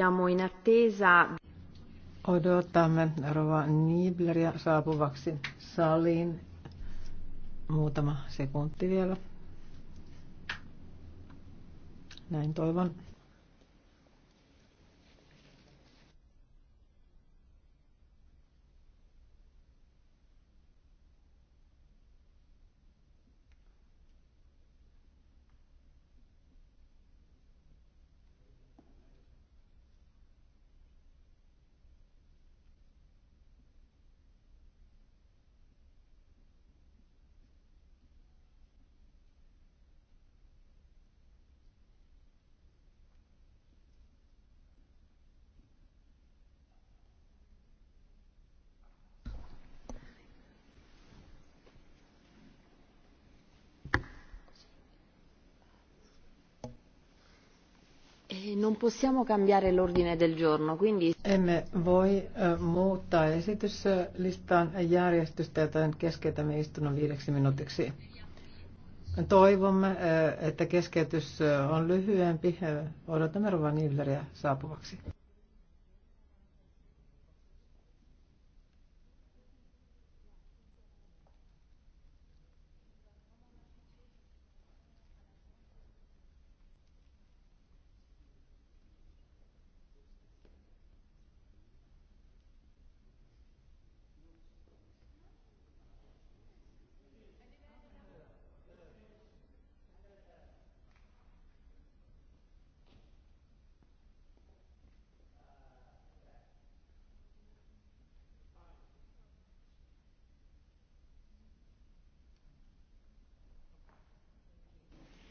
Siamo in attesa. Odotamme Rova Nibleria saapuvaksi saliin. Muutama sekunti vielä. Näin toivon. Non possiamo cambiare l'ordine del giorno, quindi... Emme voi muuttaa esityslistan järjestystä ja tämän keskeytämme istunnon viideksi minuutiksi. Toivomme, että keskeytys on lyhyempi. Odotamme Rovaniemeleriä saapuvaksi.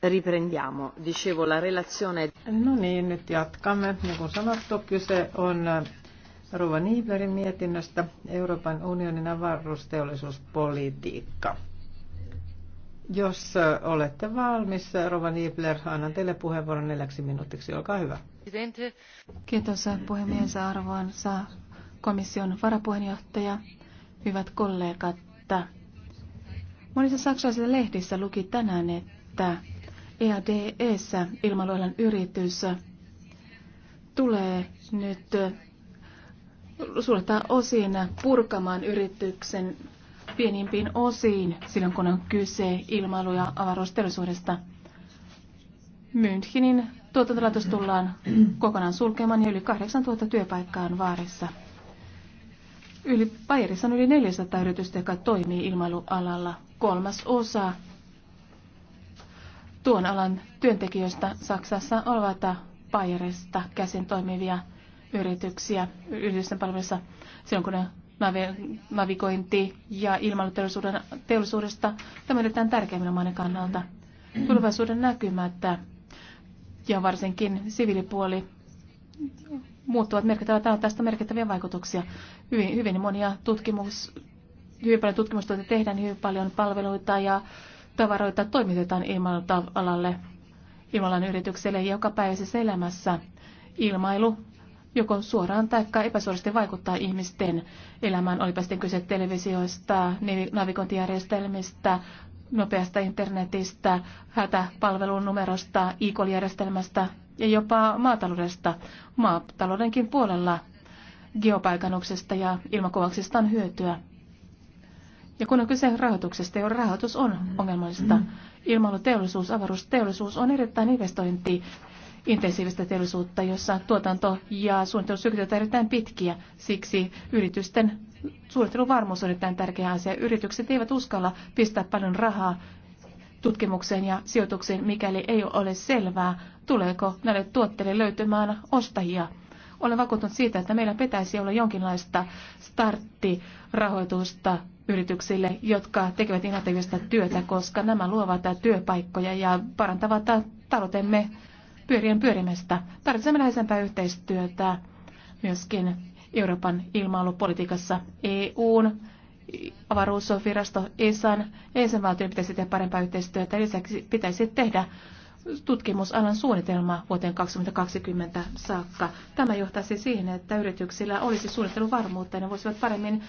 Riprendiamo. Dicevo, la relazione... No niin, nyt jatkamme. Niin kuin sanottu, kyse on äh, Rova Niiblerin mietinnöstä Euroopan unionin avaruusteollisuuspolitiikka. Jos äh, olette valmis, Rova Niibler, annan teille puheenvuoron neljäksi minuutiksi. Olkaa hyvä. Kiitos äh, puhemies arvoansa komission varapuheenjohtaja, hyvät kollegat. Monissa saksalaisissa lehdissä luki tänään, että EADEssä ilmailualan yritys tulee nyt suurtaan osin purkamaan yrityksen pienimpiin osiin silloin, kun on kyse ilmailu- ja avaruusteollisuudesta. Münchenin tuotantolaitos tullaan kokonaan sulkemaan ja yli 8000 työpaikkaa on vaarissa. Yli, Bayerissa on yli 400 yritystä, joka toimii ilmailualalla. Kolmas osa tuon alan työntekijöistä Saksassa ovat Bayerista käsin toimivia yrityksiä yritysten palveluissa silloin, kun ne navigointi- ja ilmailuteollisuuden teollisuudesta. Tämä on tärkeä minun kannalta. Tulevaisuuden näkymättä ja varsinkin siviilipuoli muuttuvat merkittävät, tästä merkittäviä vaikutuksia. Hyvin, hyvin monia tutkimus, hyvin paljon tutkimustyötä tehdään, hyvin paljon palveluita ja tavaroita toimitetaan ilmailualalle, ilmailan yritykselle ja jokapäiväisessä elämässä. Ilmailu joko suoraan tai epäsuorasti vaikuttaa ihmisten elämään, olipa sitten kyse televisioista, navigointijärjestelmistä, nopeasta internetistä, hätäpalvelun numerosta, e-call-järjestelmästä ja jopa maataloudesta. Maataloudenkin puolella geopaikannuksesta ja ilmakuvauksesta on hyötyä. Ja kun on kyse rahoituksesta, ja rahoitus on ongelmallista. Mm. Ilmailuteollisuus, avaruusteollisuus on erittäin investointi intensiivistä teollisuutta, jossa tuotanto ja suunnittelusyklit ovat erittäin pitkiä. Siksi yritysten suunnitteluvarmuus on erittäin tärkeä asia. Yritykset eivät uskalla pistää paljon rahaa tutkimukseen ja sijoitukseen, mikäli ei ole selvää, tuleeko näille tuotteille löytymään ostajia. Olen vakuuttunut siitä, että meillä pitäisi olla jonkinlaista starttirahoitusta yrityksille, jotka tekevät innovatiivista työtä, koska nämä luovat työpaikkoja ja parantavat taloutemme pyörien pyörimestä. Tarvitsemme läheisempää yhteistyötä myöskin Euroopan ilmailupolitiikassa EUn avaruusvirasto ESAN ja valtion pitäisi tehdä parempaa yhteistyötä. Lisäksi pitäisi tehdä tutkimusalan suunnitelma vuoteen 2020 saakka. Tämä johtaisi siihen, että yrityksillä olisi suunnitteluvarmuutta ja ne voisivat paremmin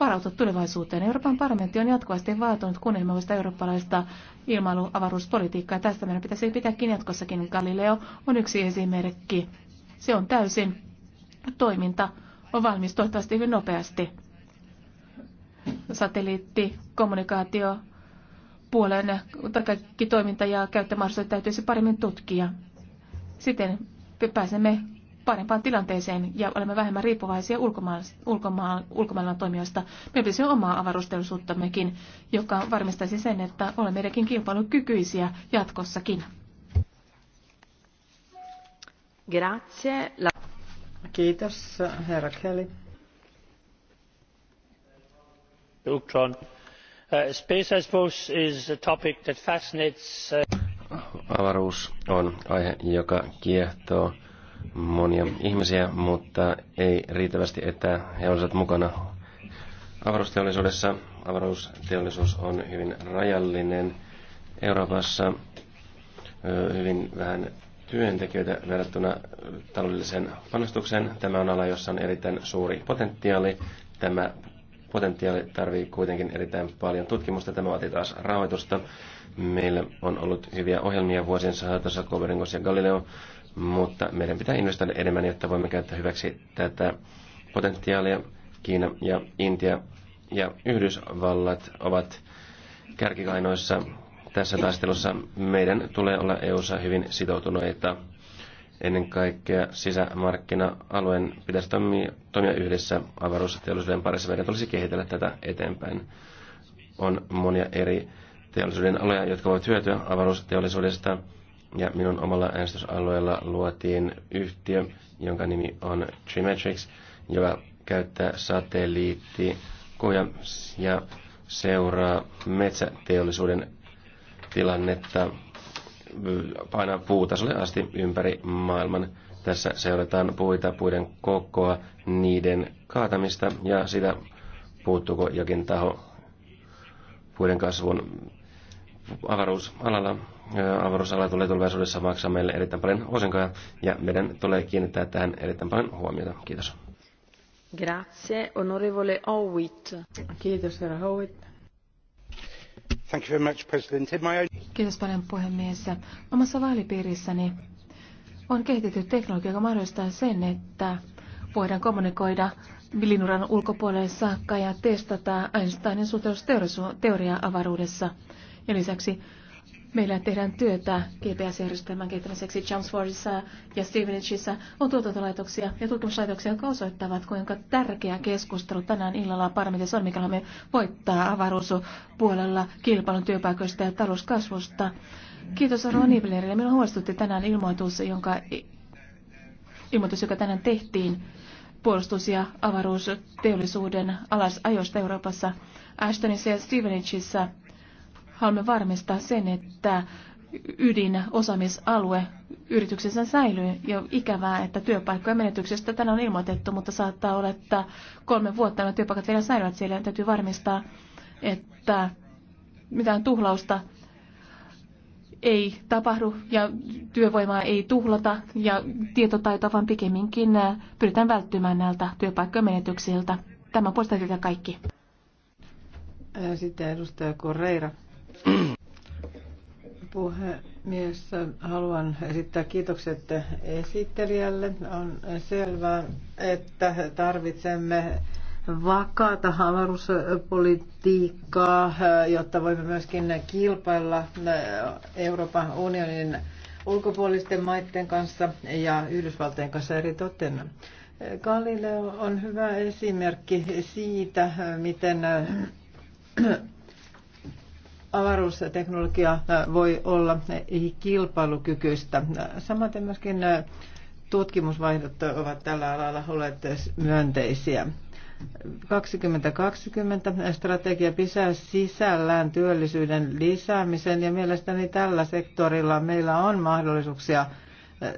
varautua tulevaisuuteen. Euroopan parlamentti on jatkuvasti vaatunut kunnianhimoista eurooppalaista ilmailuavaruuspolitiikkaa. Tästä meidän pitäisi pitääkin jatkossakin. Galileo on yksi esimerkki. Se on täysin toiminta on valmis toivottavasti hyvin nopeasti. Satelliitti, kommunikaatio, puolen kaikki toiminta ja käyttömahdollisuudet täytyisi paremmin tutkia. Siten pääsemme parempaan tilanteeseen ja olemme vähemmän riippuvaisia ulkomaan, ulkomaan, ulkomailla toimijoista. Meillä pitäisi omaa avaruusteollisuuttammekin, joka varmistaisi sen, että olemme meidänkin kilpailukykyisiä jatkossakin. Grazie. Kiitos, herra Kelly. Ultron. Uh, space, I suppose, is a topic that fascinates... Uh... Avaruus on aihe, joka kiehtoo monia ihmisiä, mutta ei riittävästi, että he olisivat mukana avaruusteollisuudessa. Avaruusteollisuus on hyvin rajallinen Euroopassa, hyvin vähän työntekijöitä verrattuna taloudelliseen panostukseen. Tämä on ala, jossa on erittäin suuri potentiaali. Tämä potentiaali tarvii kuitenkin erittäin paljon tutkimusta. Tämä vaatii taas rahoitusta. Meillä on ollut hyviä ohjelmia vuosien saatossa, Copernicus ja Galileo, mutta meidän pitää investoida enemmän, jotta voimme käyttää hyväksi tätä potentiaalia. Kiina ja Intia ja Yhdysvallat ovat kärkikainoissa tässä taistelussa. Meidän tulee olla EU:ssa hyvin sitoutuneita. Ennen kaikkea sisämarkkina-alueen pitäisi toimia, toimia yhdessä avaruusteollisuuden parissa. Meidän tulisi kehitellä tätä eteenpäin. On monia eri teollisuuden aloja, jotka voivat hyötyä avaruusteollisuudesta ja minun omalla äänestysalueella luotiin yhtiö, jonka nimi on Trimetrix, joka käyttää satelliittikuja ja seuraa metsäteollisuuden tilannetta painaa puutasolle asti ympäri maailman. Tässä seurataan puita, puiden kokoa, niiden kaatamista ja sitä puuttuuko jokin taho puiden kasvun avaruusalalla avaruusala tulee tulevaisuudessa maksaa meille erittäin paljon osinkoja ja meidän tulee kiinnittää tähän erittäin paljon huomiota. Kiitos. Grazie, onorevole Howitt. Kiitos, herra Howitt. Thank you very much, President. My... Kiitos paljon, puhemies. Omassa vaalipiirissäni on kehitetty teknologia, joka mahdollistaa sen, että voidaan kommunikoida bilinuran ulkopuolelle saakka ja testata Einsteinin suhteellisuusteoriaa avaruudessa. Ja lisäksi meillä tehdään työtä GPS-järjestelmän kehittämiseksi Chelmsfordissa ja Stevenageissa on tuotantolaitoksia ja tutkimuslaitoksia, jotka osoittavat, kuinka tärkeä keskustelu tänään illalla parlamentissa on, mikä me voittaa avaruuspuolella kilpailun työpaikoista ja talouskasvusta. Kiitos Arvo Nibelerille. Minua huolestutti tänään ilmoitus, jonka, ilmoitus, joka tänään tehtiin puolustus- ja avaruusteollisuuden alasajosta Euroopassa. Ashtonissa ja Stevenageissa Haluamme varmistaa sen, että ydinosaamisalue yrityksensä säilyy. Ja ikävää, että työpaikkojen menetyksestä tänään on ilmoitettu, mutta saattaa olla, että kolme vuotta nämä työpaikat vielä säilyvät siellä. Täytyy varmistaa, että mitään tuhlausta ei tapahdu ja työvoimaa ei tuhlata ja tietotaitoa, vaan pikemminkin äh, pyritään välttymään näiltä työpaikkojen menetyksiltä. Tämä on kaikki. Äh, sitten edustaja Correira puhemies. Haluan esittää kiitokset esittelijälle. On selvää, että tarvitsemme vakaata avaruuspolitiikkaa, jotta voimme myöskin kilpailla Euroopan unionin ulkopuolisten maiden kanssa ja Yhdysvaltojen kanssa eri toten. Galileo on hyvä esimerkki siitä, miten avaruusteknologia äh, voi olla äh, kilpailukykyistä. Äh, samaten myöskin tutkimusvaihdot ovat tällä alalla olleet myönteisiä. 2020 strategia pisää sisällään työllisyyden lisäämisen ja mielestäni tällä sektorilla meillä on mahdollisuuksia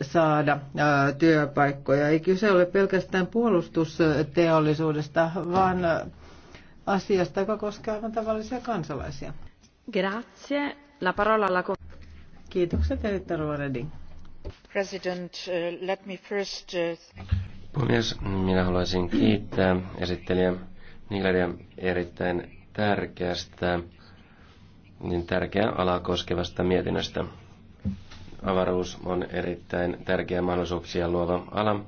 saada työpaikkoja. Ei kyse ole pelkästään puolustusteollisuudesta, vaan asiasta, joka koskee aivan tavallisia kansalaisia. Grazie. La parola alla... Kiitokset, President, uh, let me first... Uh, Puhemies, minä haluaisin kiittää esittelijä Niklaria erittäin tärkeästä, niin tärkeää alaa koskevasta mietinnöstä. Avaruus on erittäin tärkeä mahdollisuuksia luova ala,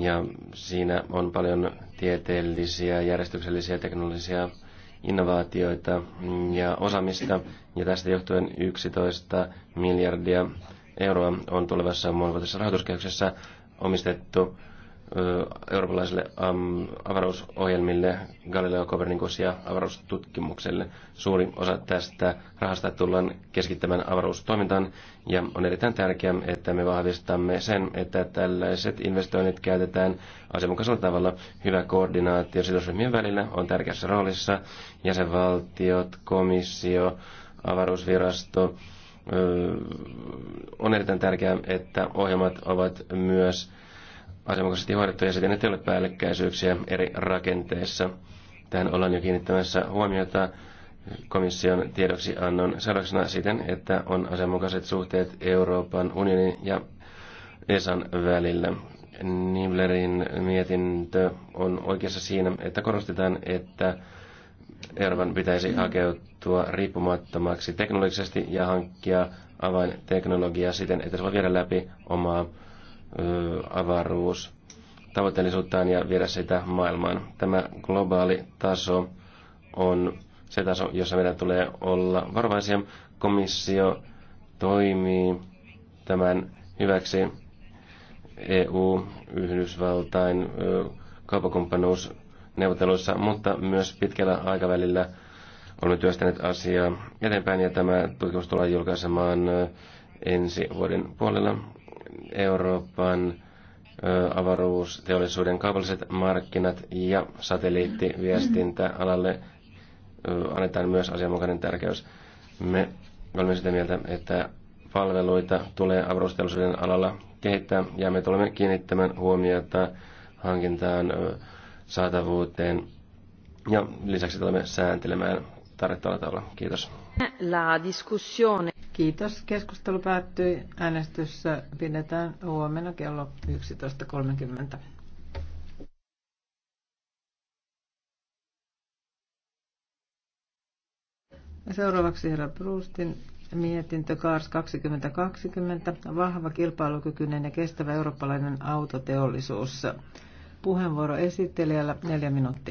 ja siinä on paljon tieteellisiä, järjestyksellisiä, teknologisia innovaatioita ja osaamista, ja tästä johtuen 11 miljardia euroa on tulevassa monivuotisessa rahoituskehyksessä omistettu eurooppalaisille avaruusohjelmille, Galileo Copernicus ja avaruustutkimukselle. Suuri osa tästä rahasta tullaan keskittämään avaruustoimintaan ja on erittäin tärkeää, että me vahvistamme sen, että tällaiset investoinnit käytetään asianmukaisella tavalla. Hyvä koordinaatio sidosryhmien välillä on tärkeässä roolissa. Jäsenvaltiot, komissio, avaruusvirasto. On erittäin tärkeää, että ohjelmat ovat myös asianmukaisesti hoidettu ja siten, ettei ole päällekkäisyyksiä eri rakenteissa. Tähän ollaan jo kiinnittämässä huomiota komission tiedoksiannon seurauksena siten, että on asianmukaiset suhteet Euroopan unionin ja ESAn välillä. Niblerin mietintö on oikeassa siinä, että korostetaan, että Euroopan pitäisi hakeutua riippumattomaksi teknologisesti ja hankkia avainteknologiaa siten, että se voi viedä läpi omaa avaruus tavoitteellisuuttaan ja viedä sitä maailmaan. Tämä globaali taso on se taso, jossa meidän tulee olla varovaisia. Komissio toimii tämän hyväksi EU, Yhdysvaltain kaupakumppanuus neuvotteluissa, mutta myös pitkällä aikavälillä olemme työstäneet asiaa eteenpäin ja tämä tutkimus tullaan julkaisemaan ensi vuoden puolella Euroopan avaruusteollisuuden kaupalliset markkinat ja satelliittiviestintäalalle annetaan myös asianmukainen tärkeys. Me olemme sitä mieltä, että palveluita tulee avaruusteollisuuden alalla kehittää ja me tulemme kiinnittämään huomiota hankintaan, saatavuuteen ja lisäksi tulemme sääntelemään tarvittavalla tavalla. Kiitos. La discussione. Kiitos. Keskustelu päättyi. Äänestys pidetään huomenna kello 11.30. Seuraavaksi herra Brustin mietintö Kaars 2020, vahva, kilpailukykyinen ja kestävä eurooppalainen autoteollisuus. Puheenvuoro esittelijällä neljä minuuttia.